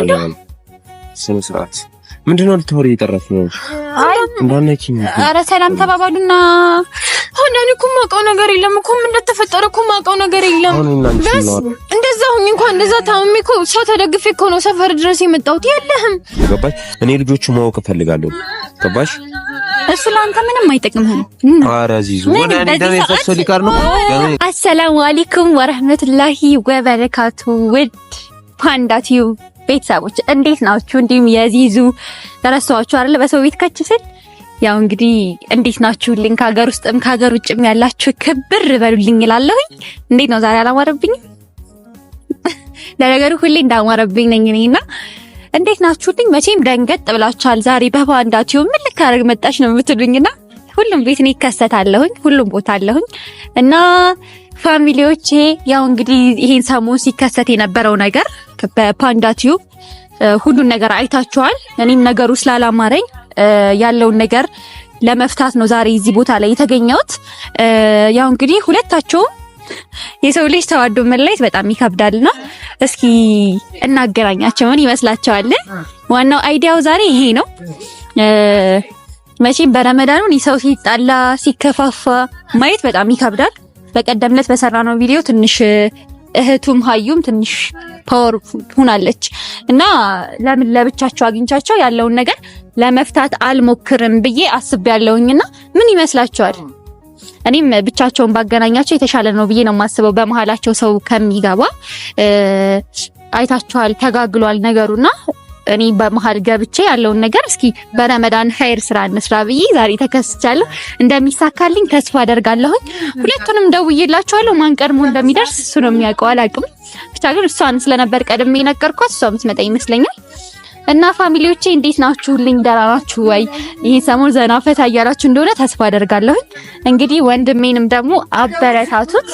አልቀላም። ስነ ስርዓት ምንድነው? ልታወሪ የጠራች ነው? አይ እንዳነኪኝ። አረ ሰላም ተባባሉና አንዳንዴ እኮ የማውቀው ነገር የለም እኮ ምን እንደተፈጠረ እኮ የማውቀው ነገር የለም። እንደዛ ሁኝ እንኳን እንደዛ ታምሜ እኮ ሰው ተደግፌ እኮ ነው ሰፈር ድረስ የመጣሁት። የለህም። ገባሽ? እኔ ልጆቹ ማወቅ እፈልጋለሁ። ገባሽ? እሱ ለአንተ ምንም አይጠቅምህም። ኧረ ዚዙ ወደ እኔ ደም ሊቀር ነው። አሰላሙ አለይኩም ወረህመቱላሂ ወበረካቱ ውድ ፓንዳ ቲዩብ ቤተሰቦች እንዴት ናችሁ? እንዲሁም የዚዙ ተረሳኋችሁ አይደል? በሰው ቤት ከች ስል ያው እንግዲህ እንዴት ናችሁልኝ? ከሀገር ውስጥም ከሀገር ውጭም ያላችሁ ክብር በሉልኝ እላለሁኝ። እንዴት ነው ዛሬ አላማረብኝም? ለነገሩ ሁሌ እንዳማረብኝ ነኝ እኔና እንዴት ናችሁልኝ? መቼም ደንገጥ ብላችኋል። ዛሬ በባንዳ ቲዩብ ምን ልካረግ መጣች ነው የምትሉኝና ሁሉም ቤት ነው ይከሰታለሁኝ፣ ሁሉም ቦታ አለሁኝ እና ፋሚሊዎቼ ያው እንግዲህ ይሄን ሰሞን ሲከሰት የነበረው ነገር በፓንዳ ቲዩብ ሁሉን ነገር አይታችኋል። እኔም ነገሩ ስላላማረኝ ያለውን ነገር ለመፍታት ነው ዛሬ እዚህ ቦታ ላይ የተገኘሁት። ያው እንግዲህ ሁለታቸው የሰው ልጅ ተዋዶ መለየት በጣም ይከብዳልና እስኪ እናገናኛቸው ምን ይመስላቸዋል? ዋናው አይዲያው ዛሬ ይሄ ነው። መቼም በረመዳኑ ሰው ሲጣላ ሲከፋፋ ማየት በጣም ይከብዳል። በቀደምለት በሰራ ቪዲዮ ትንሽ እህቱም ሀዩም ትንሽ ፓወርፉል ሁናለች እና ለምን ለብቻቸው አግኝቻቸው ያለውን ነገር ለመፍታት አልሞክርም ብዬ አስብ ያለውኝና ምን ይመስላችኋል? እኔም ብቻቸውን ባገናኛቸው የተሻለ ነው ብዬ ነው የማስበው። በመሀላቸው ሰው ከሚገባ አይታችኋል፣ ተጋግሏል ነገሩና እኔ በመሀል ገብቼ ያለውን ነገር እስኪ በረመዳን ኸይር ስራ እንስራ ብዬ ዛሬ ተከስቻለሁ። እንደሚሳካልኝ ተስፋ አደርጋለሁኝ። ሁለቱንም ደውዬላቸዋለሁ። ማን ቀድሞ እንደሚደርስ እሱ ነው የሚያውቀው፣ አላውቅም። ብቻ ግን እሷን ስለነበር ቀድሜ ነገርኳት እሷ የምትመጣ ይመስለኛል። እና ፋሚሊዎቼ እንዴት ናችሁልኝ? ደህና ናችሁ ወይ? ይሄ ሰሞን ዘና ፈታ እያላችሁ እንደሆነ ተስፋ አደርጋለሁ። እንግዲህ ወንድሜንም ደግሞ አበረታቱት።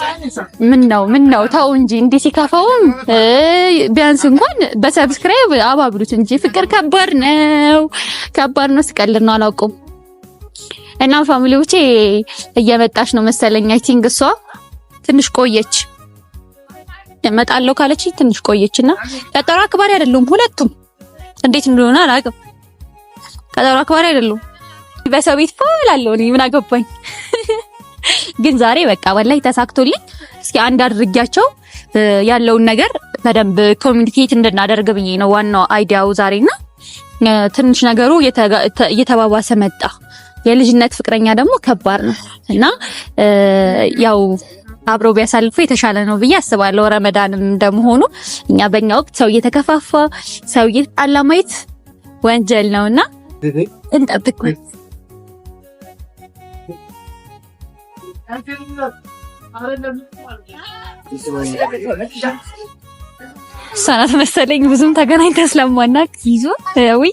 ምን ነው ምን ነው ተው እንጂ እንዲህ ሲከፋውም ቢያንስ እንኳን በሰብስክራይብ አባብሉት እንጂ ፍቅር ከባድ ነው፣ ከባድ ነው። ስቀልድ ነው አላውቅም። እና ፋሚሊዎቼ እየመጣች ነው መሰለኝ። አይ ቲንክ እሷ ትንሽ ቆየች እመጣለሁ ካለች ትንሽ ቆየችና ለጠራ አክባሪ አይደሉም ሁለቱም። እንዴት እንደሆነ አላውቅም። ቀጠሮ አክባሪ አይደሉም። በሰው ቤት ፎላለሁ እኔ ምን አገባኝ። ግን ዛሬ በቃ ወላሂ ተሳክቶልኝ እስኪ አንድ አድርጊያቸው ያለውን ነገር በደንብ ኮሚኒኬት እንድናደርግ ብዬ ነው ዋናው አይዲያው ዛሬና ትንሽ ነገሩ እየተባባሰ መጣ። የልጅነት ፍቅረኛ ደግሞ ከባድ ነው እና ያው አብሮ ቢያሳልፉ የተሻለ ነው ብዬ አስባለሁ። ረመዳንም እንደመሆኑ እኛ በእኛ ወቅት ሰው እየተከፋፋ ሰው እየተጣላ ማየት ወንጀል ነውና እንጠብቅ። እሷ መሰለኝ ብዙም ተገናኝተን ስለማናውቅ ይዞ ውይ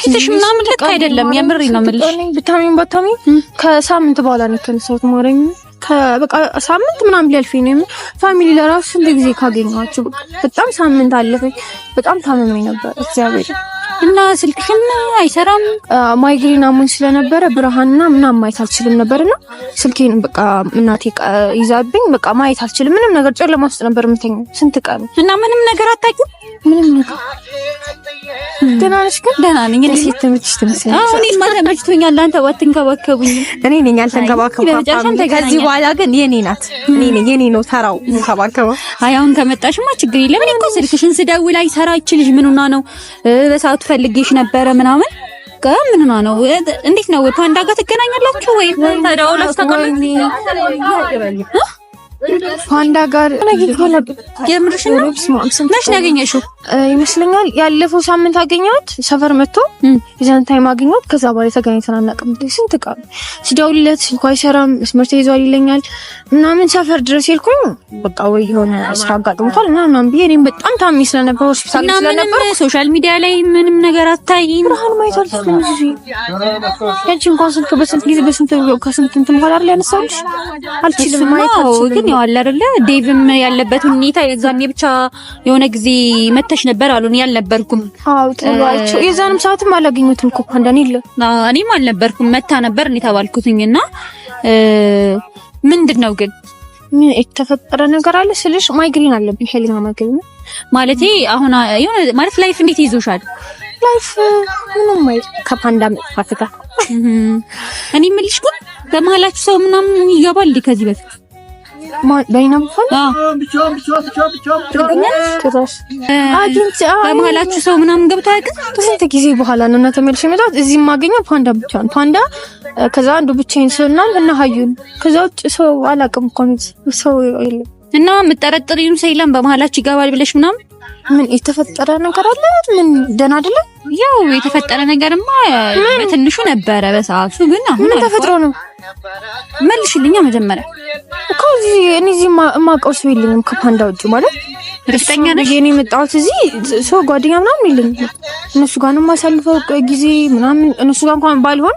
ፊትሽ ምናምን ልክ አይደለም። የምር ነው የምልሽ። ብታሚን ባታሚን ከሳምንት በኋላ ነው የተነሳሁት። ማረኝ በቃ ሳምንት ምናምን ሊያልፈኝ ነው። ፋሚሊ ለራሱ ስንት ጊዜ ካገኘኋቸው በጣም ሳምንት አለፈኝ። በጣም ታመመኝ ነበር እግዚአብሔር እና ስልክሽን አይሰራም። ማይግሪን አሞኝ ስለነበረ ብርሃንና ምናምን ማየት አልችልም ነበርና ስልኬን በቃ እናቴ ይዛብኝ በቃ ማየት አልችልም። ምንም ነገር ጨለማ ውስጥ ነበር የምተኛው ስንት ቀን እና ምንም ነገር አታውቂም ምንም ነገር ደህና ነሽ? ግን ደህና ነኝ። እኔ ሴት ተመችሽ ትመስያለሽ። አሁን እኔማ ተመችቶኛል። አንተ ባትንከባከቡኝ እኔ ነኝ አልተንከባከብኩም። ከዚህ በኋላ ግን የኔ ናት። እኔ ነኝ የኔ ነው ተራው እንከባከባ። አይ አሁን ከመጣሽማ ችግር የለም። እኔ እኮ ስልክሽን ስደውል አይሰራ ይችልሽ ምኑና ነው በሰዓቱ ፈልጌሽ ነበረ ምናምን ምን ነው? እንዴት ነው? ፓንዳ ጋር ትገናኛላችሁ ወይ? ታዲያ ፓንዳ ጋር የምርሽን መች ያገኘሽው? ይመስለኛል ያለፈው ሳምንት አገኘኋት። ሰፈር መጥቶ የዛን ታይም ከዛ በኋላ ተገናኝተን አናውቅም። ስንት ቃል ስደውልለት ስልኩ አይሰራም፣ መስመር ተይዟል ይለኛል ምናምን። ሰፈር ድረስ ሄድኩኝ። በቃ ወይ የሆነ ስራ አጋጥሞታል እና ምናምን ብዬ እኔም በጣም ታሚ ስለነበር ሆስፒታል ስለነበር ሶሻል ሚዲያ ላይ ምንም ነገር አታይም። ብርሃን ማየት አልችልም። ያንቺ እንኳን ስልክ በስንት ጊዜ በስንት ከስንት እንትን በኋላ አይደል አልችልም ማየት አልችልም ግን ያው አለ አይደለ ዴቭም ያለበት ሁኔታ የዛኔ ብቻ የሆነ ጊዜ መተሽ ነበር አሉን። እኔ አልነበርኩም። አዎ ጥሏቸው የዛንም ሰዓትም አላገኙትም እኮ እንደኔ ይለ እኔም አልነበርኩም። መታ ነበር እኔ ተባልኩትኝና ምንድን ነው ግን የተፈጠረ ነገር አለ ስልሽ ማይግሪን አለብኝ ሄሊና ማይግሪን ማለቴ አሁን የሆነ ማለት ላይፍ እንዴት ይዞሻል? ላይፍ ምንም ማይ ከፓንዳ መጥፋት ጋር እኔ የምልሽ ግን በመሀላችሁ ሰው ምናምን ይገባል ከዚህ በፊት በመሀላችሁ ሰው ምናምን ገብቶ አያውቅም። ጊዜ በኋላ ነው እና ተመልሼ እዚህ የማገኘው ፓንዳ ብቻ ነው። ፓንዳ ከዛ አንዱ ብቻዬን ስልናል እና ሀዩን ከዛ ውጭ ሰው አላውቅም እኮ ሰው የለም። እና ሰው የለም በመሀላችሁ ይገባል ብለሽ ምናምን ምን የተፈጠረ ነገር አለ? ምን ደህና አይደለም? ያው የተፈጠረ ነገርማ በትንሹ ነበረ በሰዓቱ፣ ግን አሁን ምን ተፈጥሮ ነው? መልሽልኛ። መጀመሪያ እኮ እዚህ እኔ እዚህ የማውቀው ሰው የለኝም ከፓንዳ ውጭ ማለት እርግጠኛ ነሽ? እኔ የመጣሁት እዚህ ሰው ጓደኛ ምናምን የለኝ። እነሱ ጋር ነው የማሳልፈው ጊዜ ምናምን። እነሱ ጋር እንኳን ባልሆን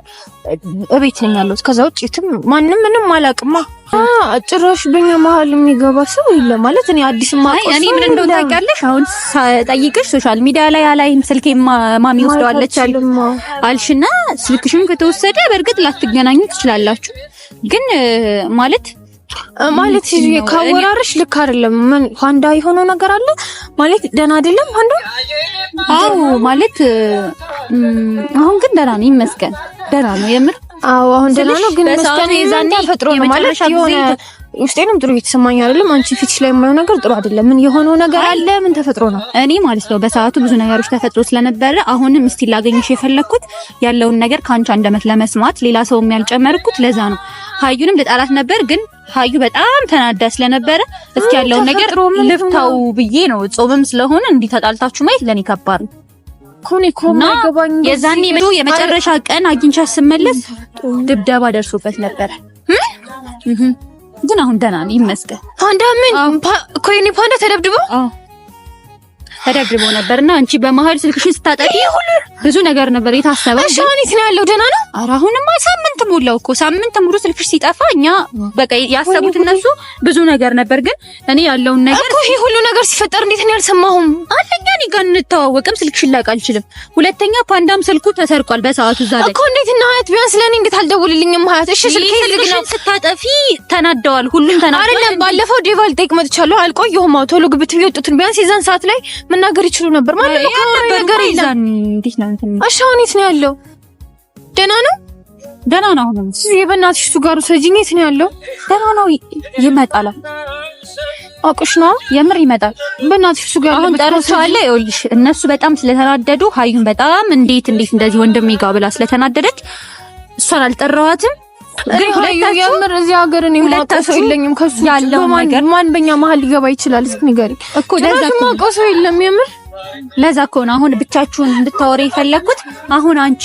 እቤት ነኝ ያለሁት። ከዛ ውጭ የትም ማንም ምንም አላውቅማ። ጭራሽ በኛ መሀል የሚገባ ሰው የለ ማለት እኔ አዲስ ማቆስ አይ እኔ ምን እንደው ታውቂያለሽ፣ አሁን ጠይቅሽ ሶሻል ሚዲያ ላይ አላይም ስልኬ ማሚ ወስደዋለች አልሽና ስልክሽም ከተወሰደ በእርግጥ ላትገናኙ ትችላላችሁ ግን ማለት ማለት ካወራርሽ ልክ አይደለም። ምን ፋንዳ የሆነው ነገር አለ ማለት ደህና አይደለም። ፋንዳ አዎ፣ ማለት አሁን ግን ደህና ነው ይመስገን፣ ደህና ነው የምር። አዎ፣ አሁን ደህና ነው ግን መስከን የዛኔ ፈጥሮ ነው ማለት የሆነ ውስጤንም ጥሩ እየተሰማኝ አይደለም። አንቺ ፊትሽ ላይ የማየው ነገር ጥሩ አይደለም። ምን የሆነው ነገር አለ? ምን ተፈጥሮ ነው? እኔ ማለት ነው በሰዓቱ ብዙ ነገሮች ተፈጥሮ ስለነበረ አሁንም እስቲ ላገኝሽ የፈለግኩት ያለውን ነገር ከአንቺ አንደበት ለመስማት ሌላ ሰው ያልጨመርኩት ለዛ ነው። ሀዩንም ልጣላት ነበር ግን ሀዩ በጣም ተናዳ ስለነበረ እስኪ ያለውን ነገር ልፍታው ብዬ ነው። ጾምም ስለሆነ እንዲህ ተጣልታችሁ ማየት ለኔ ከባድ ነው። የዛኔ የመጨረሻ ቀን አግኝቻ ስመለስ ድብደባ ደርሶበት ነበረ፣ ግን አሁን ደህና ነው ይመስገን። ፓንዳ ምን ኮይኒ ፓንዳ ተደብድቦ ተደርድቦ ነበርና አንቺ በመሀል ስልክሽን ስታጠቂ ብዙ ነገር ነበር የታሰበው። እሺ አሁን የት ነው ያለው? ደህና ነው። ኧረ አሁንማ ሳምንት ሞላው እኮ ሳምንት ሙሉ ስልክሽ ሲጠፋ እኛ በቃ ያሰቡት እነሱ ብዙ ነገር ነበር፣ ግን እኔ ያለውን ነገር እኮ ይሄ ሁሉ ነገር ሲፈጠር እንዴት ነው ያልሰማሁም? አንደኛ እኔ ጋር እንተዋወቅም፣ ስልክሽን ላውቅ አልችልም። ሁለተኛ ፓንዳም ስልኩ ተሰርቋል በሰዓቱ እዛ ላይ እኮ እንዴት ነው ሀያት፣ ቢያንስ ለእኔ እንዴት አልደውልልኝም ሀያት? እሺ ስልክ ስልክሽን ስታጠፊ ተናደዋል፣ ሁሉም ተናደዋል። አይደለም ባለፈው ዴቫል ጠይቅ መጥቻለሁ፣ አልቆየሁም። አዎ ቶሎ ግብት ቢወጡትን ቢያንስ የዛን ሰዓት ላይ መናገር ይችሉ ነበር ማለት ነው። ነገር ይዛን እንዴት ነው እንትን እሺ፣ አሁን የት ነው ያለው? ደህና ነው፣ ደህና ነው። አሁን እሱ በእናትሽ እሱ ጋር ሰጂኝ። የት ነው ያለው? ደህና ነው። ይመጣል፣ አውቅሽ ነው የምር ይመጣል። በእናትሽ እሱ ጋር አሁን ጠርቼዋለሁ። ይኸውልሽ እነሱ በጣም ስለተናደዱ ሀዩን በጣም እንዴት እንዴት እንደዚህ ወንድሜ ጋር ብላ ስለተናደደች እሷን አልጠራዋትም ግን የምር እዚህ ሀገር እኔ የማውቀው የለኝም። ከሱ ያለው ነገር ማን በእኛ መሀል ሊገባ ይችላል? እስኪ ንገሪኝ እኮ ደግሞ ማውቀው ሰው የለም የምር ለዛ እኮ ነው አሁን ብቻችሁን እንድታወሪ የፈለግኩት። አሁን አንቺ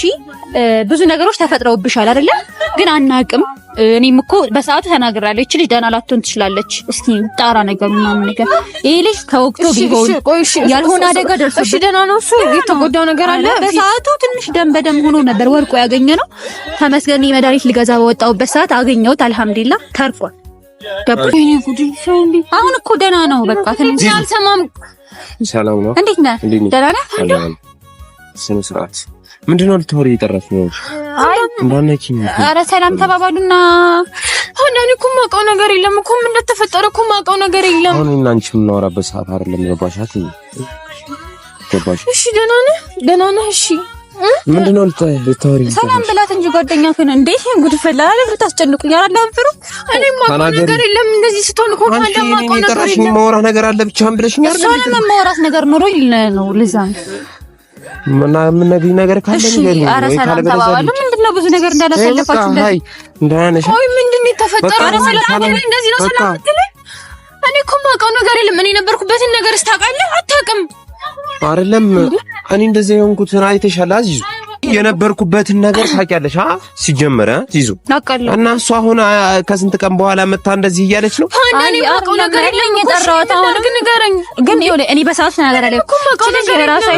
ብዙ ነገሮች ተፈጥረውብሻል አይደለም? ግን አናቅም። እኔም እኮ በሰዓቱ ተናግራለሁ። እቺ ልጅ ደህና ላትሆን ትችላለች፣ እስኪ ጣራ ነገር ምናምን ነገር ይሄ ልጅ ከወቅቱ ቢሆን ያልሆነ አደጋ ደርሶ እሺ፣ ደህና ነው እሱ። የተጎዳው ነገር አለ። በሰዓቱ ትንሽ ደም በደም ሆኖ ነበር ወርቆ ያገኘ ነው። ተመስገን መድኃኒት ልገዛ በወጣሁበት ሰዓት አገኘሁት። አልሐምዱሊላ ተርፏል። አሁን እኮ ደህና ነው። በቃ ትንሽ አልሰማም ሰላም ነው። እንዴት ነህ? ደህና ነህ? ስነ ስርዓት ምንድን ነው ልታወሪ የጠራሽ ነው? አይ ኧረ ሰላም ተባባሉና አሁን እኔ እኮ የማውቀው ነገር የለም እኮ ምን እንደተፈጠረ እኮ የማውቀው ነገር የለም። አሁን እና አንቺ የምናወራበት ሰዓት አይደለም። ገባሻት? ገባሽ? እሺ ደህና ነህ? ደህና ነህ? እሺ ምንድነው ልታወሪ? ሰላም ብላት እንጂ ጓደኛ ከሆነ እንዴ ጉድ ፈላ አለ ብታስጨንቁኝ አላምፍሩ። እኔ ማውቀው ነገር የለም እንደዚህ ስትሆን እኮ ማለማውቀው ነገር የለም። የማወራህ ነገር አለ ብቻህን ብለሽኝ አይደል? ሰላም የማወራት ነገር ኖሮኝ ነው ለዛ ምና ምን ነገር ነገር ካለ ነገር ነው። አረ ሰላም ተባባሉ። ምንድነው ነው ሰላም እኔ እኮ የማውቀው ነገር የለም። እኔ ነበርኩበትን አይደለም እኔ እንደዚህ የሆንኩትን አይተሻል። አዚዙ የነበርኩበትን ነገር ታውቂያለሽ። አ ሲጀመረ ዚዙ እና እሷ አሁን ከስንት ቀን በኋላ መታ እንደዚህ እያለች ነው። እኔ የማውቀው ነገር የለኝም። ግን ንገረኝ።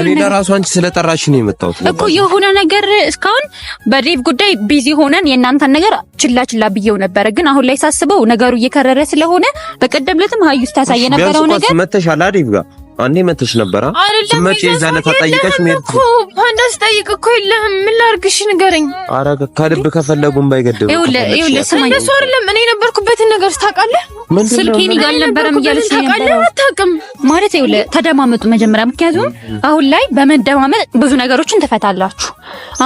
ግን ለራሱ አንቺ ስለጠራሽ ነው የመጣሁት እኮ የሆነ ነገር እስካሁን በዴቭ ጉዳይ ቢዚ ሆነን የእናንተን ነገር ችላ ችላ ብዬው ነበረ። ግን አሁን ላይ ሳስበው ነገሩ እየከረረ ስለሆነ በቀደም ዕለትም ሀዩ ስታሳየ የነበረው ነገር መተሻል ዴቭ ጋር አንዴ መተሽ ነበራ ስመጪ የዛን ዕለት ምን እኮ ፓንዳ ስጠይቅ እኮ የለህም። ምን ላድርግሽ ንገረኝ። ኧረ ከልብ ከፈለጉም ባይገደው ይኸውልህ፣ ይኸውልህ ስማኝ፣ እሱ አይደለም እኔ የነበርኩበትን ነገር ታውቃለህ። ስልኬን ይጋል ነበርም እያለች ታውቃለህ። አታውቅም ማለት ይኸውልህ፣ ተደማመጡ መጀመሪያ። ምክንያቱም አሁን ላይ በመደማመጥ ብዙ ነገሮችን ትፈታላችሁ።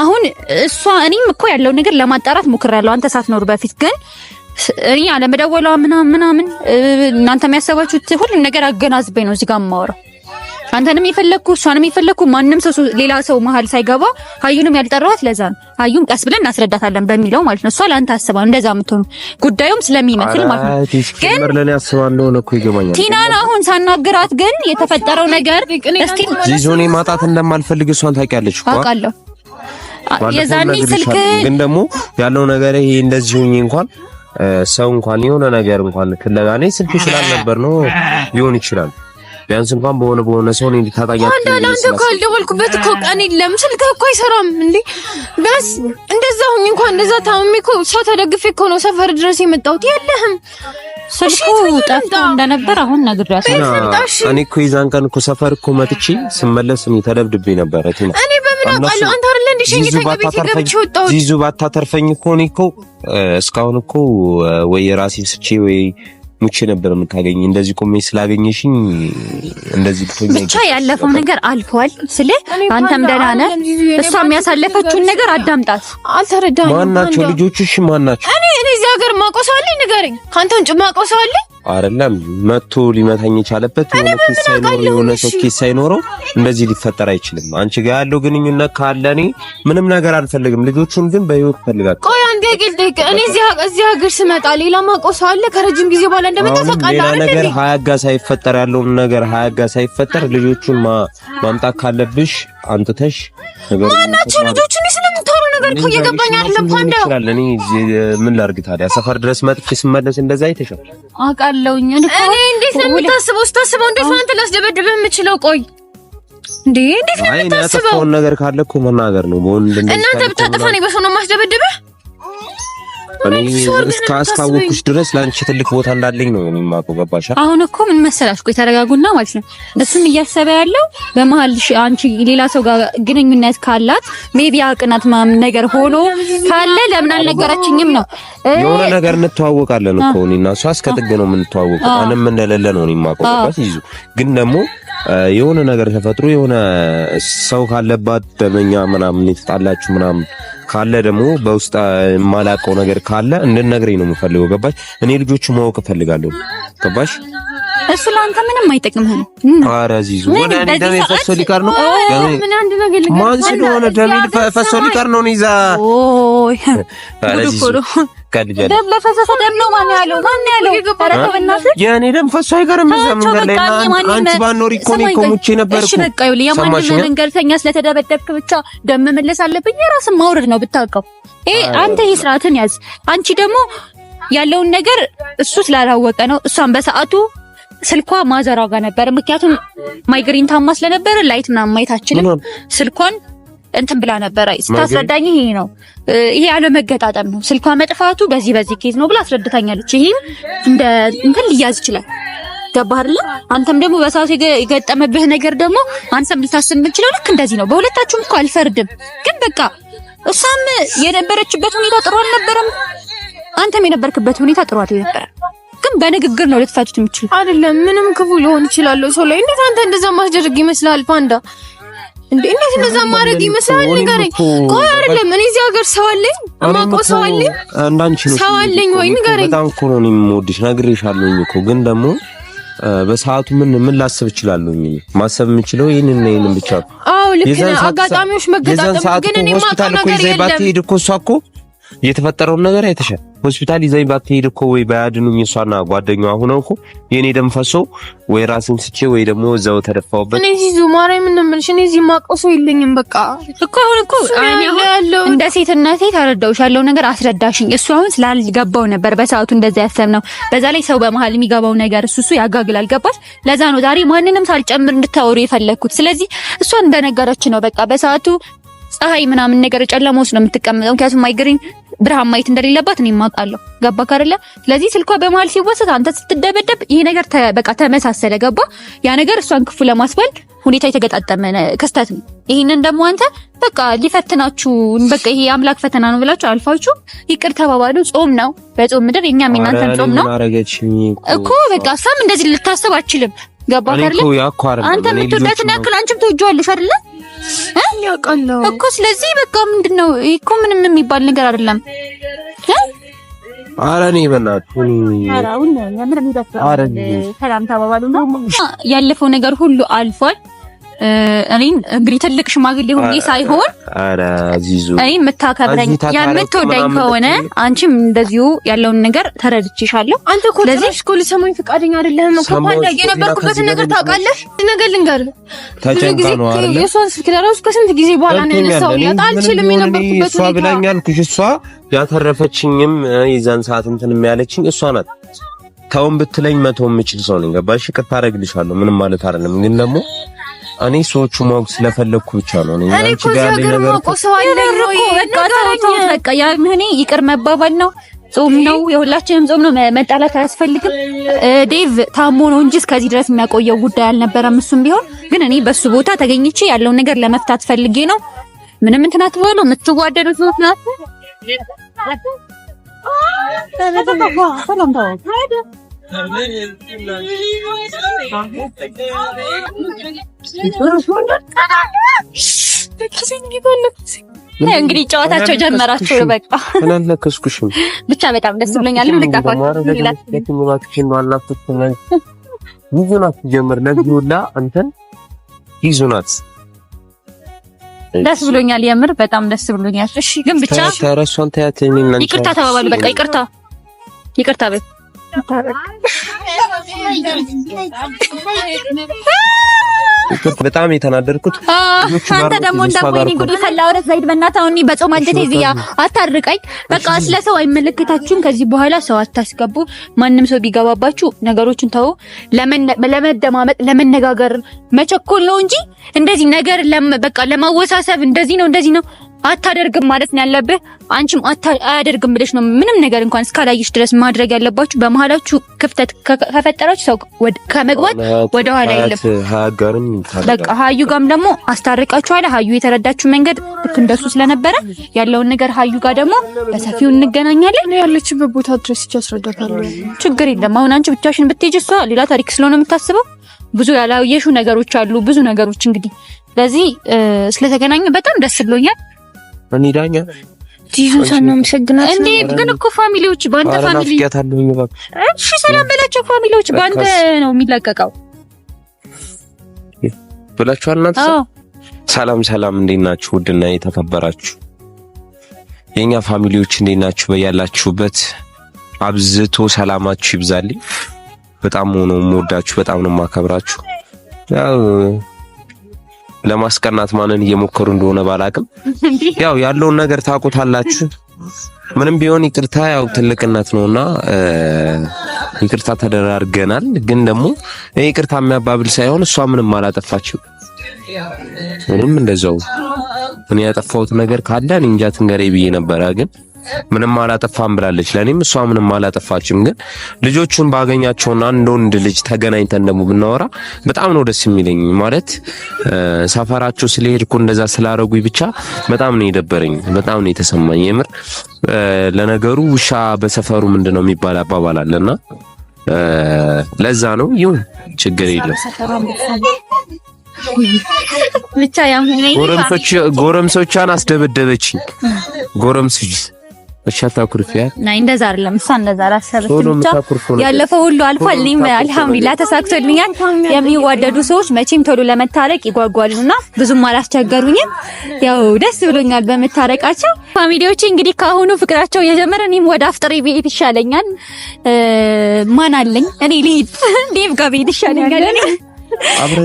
አሁን እሷ እኔም እኮ ያለው ነገር ለማጣራት ሞክሬያለሁ፣ አንተ ሳትኖር በፊት ግን እኔ አለመደወሏ ምናምን ምናምን እናንተ የሚያሰባችሁት ሁሉም ነገር አገናዝበኝ ነው እዚህ ጋር የማወራው። አንተንም የፈለግኩ እሷንም የፈለግኩ ማንም ሰው ሌላ ሰው መሀል ሳይገባ ሀዩንም ያልጠራዋት ለዛ ነው። ሀዩም ቀስ ብለን እናስረዳታለን በሚለው ማለት ነው። እሷ ለአንተ አስባ እንደዛ የምትሆኑ ጉዳዩም ስለሚመስል ማለት ነው። ግን ቲናን አሁን ሳናግራት ግን የተፈጠረው ነገር እስቲ ጂዞኔ ማጣት እንደማልፈልግ እሷን ታውቂያለች እኮ አውቃለሁ። የዛኔ ስልክ ግን ደግሞ ያለው ነገር ይሄ እንደዚህ ሁኚ እንኳን ሰው እንኳን የሆነ ነገር እንኳን ፍለጋ እኔ ስልክ ነበር ነው ሊሆን ይችላል። ቢያንስ እንኳን በሆነ በሆነ ሰው ነው እንድታጣኛት አንተ አንተ ካልደወልኩበት እኮ ቀን የለም። ስልክ እኮ አይሰራም እንዴ! ቢያንስ እንደዛ ሁኝ እንኳን እንደዛ ታምሜ እኮ ሰው ተደግፌ እኮ ነው ሰፈር ድረስ የመጣሁት። የለህም ስልኩ ጠፍቶ እንደነበር አሁን ነግሬያለሁ። እኔ እኮ የዛን ቀን እኮ ሰፈር እኮ መጥቼ ስመለስ ተደብድቤ ነበረ ቲና እኔ ምን ዚዙ ባታተርፈኝ እኮ እኔ እኮ እስካሁን እኮ ወይ ራሴን ስቼ ወይ ሙቼ ነበር የምታገኝ። እንደዚህ ቆሜ ስላገኘሽኝ እንደዚህ ብቻ ያለፈው ነገር አልፏል። ስለ አንተም ደህና ነህ። እሷ የሚያሳለፈችውን ነገር አዳምጣት። አልተረዳም። ማናቸው እሺ ማናቸው? እኔ እኔ እዚህ ሀገር ማቆሰዋለኝ ንገረኝ። ካንተም ጭማቆሰዋለኝ አይደለም መቶ ሊመታኝ የቻለበት የሆነ ኬስ ሳይኖረው የሆነ ሰው ኬስ ሳይኖረው እንደዚህ ሊፈጠር አይችልም። አንቺ ጋር ያለው ግንኙነት ካለ እኔ ምንም ነገር አልፈልግም። ልጆቹን ግን በህይወት ፈልጋለሁ። ቆይ አንዴ እኔ እዚህ ሀገር ስመጣ ሌላ ማቆስ አለ። ከረጅም ጊዜ በኋላ እንደመጣ ነገር ሀያጋ ሳይፈጠር ያለውን ነገር ሀያጋ ሳይፈጠር ልጆቹን ማምጣት ካለብሽ አንጥተሽ ነገር ማናቸው ልጆቹን ይስለ ነገር እኮ እየገባኝ አይደለም እኮ ይችላል። እኔ ምን ላድርግ ታዲያ? ሰፈር ድረስ መጥቼ ስመለስ እንደዛ አይተሻል አውቃለሁኝ። እኔ እንዴት ነው የምታስበው? ስታስበው እንዴት ነው አንተ ላስደበድብህ የምችለው? ቆይ እንዴ እንዴት ነው የምታስበው? ነገር ካለ እኮ መናገር ነው። እናንተ ብታጠፋ ነው በሰው ነው የማስደበድብህ እስካስታወኩሽ ድረስ ለአንቺ ትልቅ ቦታ እንዳለኝ ነው የማውቀው። ገባሽ? አሁን እኮ ምን መሰላሽ፣ ቆይ ተረጋጉና ማለት ነው። እሱም እያሰበ ያለው በመሀል አንቺ ሌላ ሰው ጋር ግንኙነት ካላት ሜቢ አቅናት ምናምን ነገር ሆኖ ካለ ለምን አልነገረችኝም ነው። የሆነ ነገር እንተዋወቃለን እኮ እኔና እና እሷ እስከ ጥግ ነው የምንተዋወቀው። አንም እንደሌለ ነው እኔ የማውቀው። ገባሽ? ይዙ ግን ደግሞ የሆነ ነገር ተፈጥሮ የሆነ ሰው ካለባት ደመኛ ምናምን የተጣላችሁ ምናምን ካለ ደግሞ በውስጥ የማላውቀው ነገር ካለ እንድነግረኝ ነው የምፈልገው። ገባሽ? እኔ ልጆቹ ማወቅ እፈልጋለሁ። ገባሽ? እሱ ለአንተ ምንም አይጠቅምህም። አረ ዚዙ ወደ እኔ ደሜ ፈሶ ሊቀር ነው። ምን አንድ ነው ማን ስለሆነ ደሜ ፈሶ ሊቀር ነው ኒዛ እዛ የእኔ ደም ፈሶ አይቀርም። እዛ መንገድ ላይ አንቺ ባኖሪ እኮ እኔ እኮ ሙቼ ነበር እኮ። በቃ ይኸውልህ የማንም መንገድተኛ ስለተደበደብክ ብቻ ደም መመለስ አለብኝ? የራስን ማውረድ ነው ብታውቀው። ይሄ አንተ ይሄ ስርዓትን ያዝ። አንቺ ደግሞ ያለውን ነገር እሱ ስላላወቀ ነው እሷን በሰዓቱ ስልኳ ማዘሯ ጋር ነበረ። ምክንያቱም ማይግሪን ታማ ስለነበረ ላይት ምናምን ማየት አችልም። ስልኳን እንትን ብላ ነበረ ስታስረዳኝ፣ ይሄ ነው ይሄ አለመገጣጠም ነው ስልኳ መጥፋቱ በዚህ በዚህ ኬዝ ነው ብላ አስረድታኛለች። ይሄም እንደ እንትን ሊያዝ ይችላል። ገባህ አይደለ? አንተም ደግሞ በሰዓቱ የገጠመብህ ነገር ደግሞ አንተም ልታስብ የምችለው ልክ እንደዚህ ነው። በሁለታችሁም እኮ አልፈርድም፣ ግን በቃ እሷም የነበረችበት ሁኔታ ጥሩ አልነበረም፣ አንተም የነበርክበት ሁኔታ ጥሩ አልነበረም። ግን በንግግር ነው ልትፈቱት የምችሉ አይደለም። ምንም ክፉ ሊሆን ይችላል ሰው ላይ። እንዴት አንተ እንደዛ ማስደረግ ይመስላል ፓንዳ? እንዴ እንዴት እንደዛ ማድረግ ይመስላል? ንገረኝ። ቆይ አይደለም እኔ እዚህ ሀገር ሰው አለኝ፣ አማቆ ሰው አለኝ፣ እንዳንቺ ነው ሰው አለኝ። ወይ ንገረኝ። በጣም እኮ ነው የምወድሽ፣ ነግሬሻለሁኝ እኮ ግን ደግሞ በሰዓቱ ምን ምን ላስብ እችላለሁ? ማሰብ የምችለው ይሄንን ነው፣ ይሄንን ብቻ። አዎ ልክ ነህ። አጋጣሚዎች መገጣጠም ግን እኔ ማውቀው ነገር የለም። እዛ እኮ ሆስፒታል እኮ ባትሄድ እኮ እሷ እኮ የተፈጠረውን ነገር አይተሻል። ሆስፒታል ይዘኝ ባትሄድ እኮ ወይ ባያድኑኝ እሷና ጓደኛዋ ሁነው እኮ የእኔ ደም ፈሶ ወይ ራስን ስቼ ወይ ደግሞ እዛው ተደፋውበት። እኔ እዚህ ማርያም እንደምልሽ እኔ እዚህ ማቀሶ ሰው የለኝም። በቃ እኮ አሁን እኮ እንደ ሴትነቴ ተረዳሁሽ፣ ያለው ነገር አስረዳሽኝ። እሱ አሁን ስላልገባው ነበር በሰዓቱ እንደዛ ያሰብነው። በዛ ላይ ሰው በመሀል የሚገባው ነገር እሱ እሱ ያጋግላል። ገባሽ? ለዛ ነው ዛሬ ማንንም ሳልጨምር እንድታወሩ የፈለግኩት። ስለዚህ እሷ እንደነገረች ነው በቃ በሰዓቱ ፀሐይ ምናምን ነገር ጨለማ ውስጥ ነው የምትቀመጠው። ምክንያቱም ማይግሪን ብርሃን ማየት እንደሌለባት እኔ ማውቃለሁ። ገባ ካደለ ስለዚህ ስልኳ በመሀል ሲወሰድ አንተ ስትደበደብ ይሄ ነገር በቃ ተመሳሰለ። ገባ ያ ነገር እሷን ክፉ ለማስበል ሁኔታ የተገጣጠመ ክስተት ነው። ይህንን ደግሞ አንተ በቃ ሊፈትናችሁ በቃ ይሄ አምላክ ፈተና ነው ብላችሁ አልፋችሁ ይቅር ተባባሉ። ጾም ነው፣ በጾም ምድር የኛም የናንተን ጾም ነው እኮ በቃ እሷም እንደዚህ ልታስብ አችልም። ገባ ካደለ አንተ የምትወዳትን ያክል አንቺም ትወጂዋለሽ አይደለ አውቃለሁ እኮ። ስለዚህ በቃ ምንድነው እኮ ምንም የሚባል ነገር አይደለም። ኧረ እኔ በእናትህ ያለፈው ነገር ሁሉ አልፏል። እኔን እንግዲህ ትልቅ ሽማግሌ ሆኜ ሳይሆን እኔ የምታከብረኝ የምትወዳኝ ከሆነ አንቺም እንደዚሁ ያለውን ነገር ተረድቼሻለሁ። አንተ እኮ ለዚህ እኮ ልሰማኝ ፈቃደኛ አይደለህም እኮ ባንዳ የነበርኩበትን ነገር ታውቃለህ። ነገር ልንገር ብዙ ጊዜ የእሷን ስልክ ደረሱ ከስንት ጊዜ በኋላ ነው ያነሳው። ሊያጣ አልችልም የነበርኩበት እሷ ብላኛል። ኩሽ እሷ ያተረፈችኝም የዛን ሰዓት እንትን የሚያለችኝ እሷ ናት። ተውን ብትለኝ መቶ የምችል ሰው ነኝ። ገባሽ? ይቅርታ አደርግልሻለሁ። ምንም ማለት አይደለም ግን ደግሞ እኔ ሰዎቹ ማወቅ ስለፈለኩ ብቻ ነው። እኔ አንቺ ጋር ያለኝ ነገር እኮ ሰው አለኝ ነው። በቃ ያ ምን ይቅር መባባል ነው። ጾም ነው፣ የሁላችንም ጾም ነው። መጣላት አያስፈልግም። ዴቭ ታሞ ነው እንጂ እስከዚህ ድረስ የሚያቆየው ጉዳይ አልነበረም። እሱም ቢሆን ግን እኔ በሱ ቦታ ተገኝቼ ያለውን ነገር ለመፍታት ፈልጌ ነው። ምንም እንትን አትበሉ። የምትጓደሉት ነው ናት እንግዲህ ጨዋታቸው ጀመራችሁ። በቃ ብቻ በጣም ደስ ብሎኛል። ይዙናት ደስ ብሎኛል። የምር በጣም ደስ ብሎኛል። እሺ ግን ብቻ ይቅርታ ተባባሉ። በቃ ይቅርታ ይቅርታ ቤት በጣም የተናደድኩት አንተ ደግሞ እንዳቆይኝ ጉድ ፈላውረት ዘይድ በእናትህ አሁን በጾም አንጀቴ እዚህ አታርቀኝ። በቃ ስለ ሰው አይመለከታችሁም። ከዚህ በኋላ ሰው አታስገቡ። ማንም ሰው ቢገባባችሁ ነገሮችን ተው። ለመደማመጥ ለመነጋገር መቸኮል ነው እንጂ እንደዚህ ነገር በቃ ለማወሳሰብ እንደዚህ ነው እንደዚህ ነው አታደርግም ማለት ነው ያለብህ። አንቺም አያደርግም ብለሽ ነው ምንም ነገር እንኳን እስካላየሽ ድረስ ማድረግ ያለባችሁ። በመሀላችሁ ክፍተት ከፈጠራችሁ ሰው ከመግባት ወደ ኋላ የለም። በቃ ሀዩ ጋም ደግሞ አስታርቃችኋል። ሀዩ የተረዳችሁ መንገድ ልክ እንደሱ ስለነበረ ያለውን ነገር ሀዩ ጋር ደግሞ በሰፊው እንገናኛለን። ያለችበት ቦታ ድረስ ያስረዳታለሁ። ችግር የለም። አሁን አንቺ ብቻሽን ብትሄጂ እሷ ሌላ ታሪክ ስለሆነ የምታስበው ብዙ ያላየሹ ነገሮች አሉ። ብዙ ነገሮች እንግዲህ ለዚህ ስለተገናኘ በጣም ደስ ብሎኛል። እንሂዳኛ ጂሱስ እናመሰግናለን። እንዴ ግን እኮ ፋሚሊዎች በአንተ ፋሚሊ እሺ፣ ሰላም በላቸው። ፋሚሊዎች በአንተ ነው የሚለቀቀው ብላችኋል። እናንተ ሰላም ሰላም፣ እንዴት ናችሁ? ውድና የተከበራችሁ የኛ ፋሚሊዎች እንዴት ናችሁ? በያላችሁበት አብዝቶ ሰላማችሁ ይብዛልኝ። በጣም ነው የምወዳችሁ፣ በጣም ነው የማከብራችሁ። ለማስቀናት ማንን እየሞከሩ እንደሆነ ባላቅም ያው ያለውን ነገር ታውቁታላችሁ። ምንም ቢሆን ይቅርታ ያው ትልቅነት ነውና ይቅርታ ተደራርገናል። ግን ደግሞ ይቅርታ የሚያባብል ሳይሆን እሷ ምንም አላጠፋችው፣ ምንም እንደዛው እኔ ያጠፋሁት ነገር ካለ እንጃ ትንገሬ ብዬ ነበረ ግን ምንም አላጠፋም ብላለች። ለእኔም እሷ ምንም አላጠፋችም። ግን ልጆቹን ባገኛቸውና አንድ ወንድ ልጅ ተገናኝተን ደግሞ ብናወራ በጣም ነው ደስ የሚለኝ። ማለት ሰፈራቸው ስለሄድኩ እንደዛ ስላረጉኝ ብቻ በጣም ነው የደበረኝ፣ በጣም ነው የተሰማኝ የምር። ለነገሩ ውሻ በሰፈሩ ምንድነው የሚባል አባባል አለና ለዛ ነው ይሁን፣ ችግር የለም። ጎረምሶቿን አስደበደበችኝ ጎረምሶች እሻታ ኩርፊያ ናይ እንደዛ አይደለም። እሷ እንደዛ አላሰበችም። ብቻ ያለፈው ሁሉ አልፏል። አልሐምዱሊላህ ተሳክቶልኛል። የሚዋደዱ ሰዎች መቼም ቶሎ ለመታረቅ ይጓጓሉና ብዙም አላስቸገሩኝም። ያው ደስ ብሎኛል በመታረቃቸው። ፋሚሊዎች እንግዲህ ካሁኑ ፍቅራቸው የጀመረ እኔም ወደ አፍጥሪ ቤት ይሻለኛል። ማን አለኝ እኔ ሊድ ዴቭ ጋር ቤት ይሻለኛል እኔ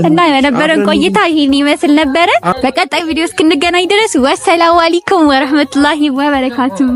እና የነበረን ቆይታ ይህን ይመስል ነበረ። በቀጣይ ቪዲዮ እስክንገናኝ ድረስ ወሰላሙ አለይኩም ወረህመቱላሂ ወበረካቱ።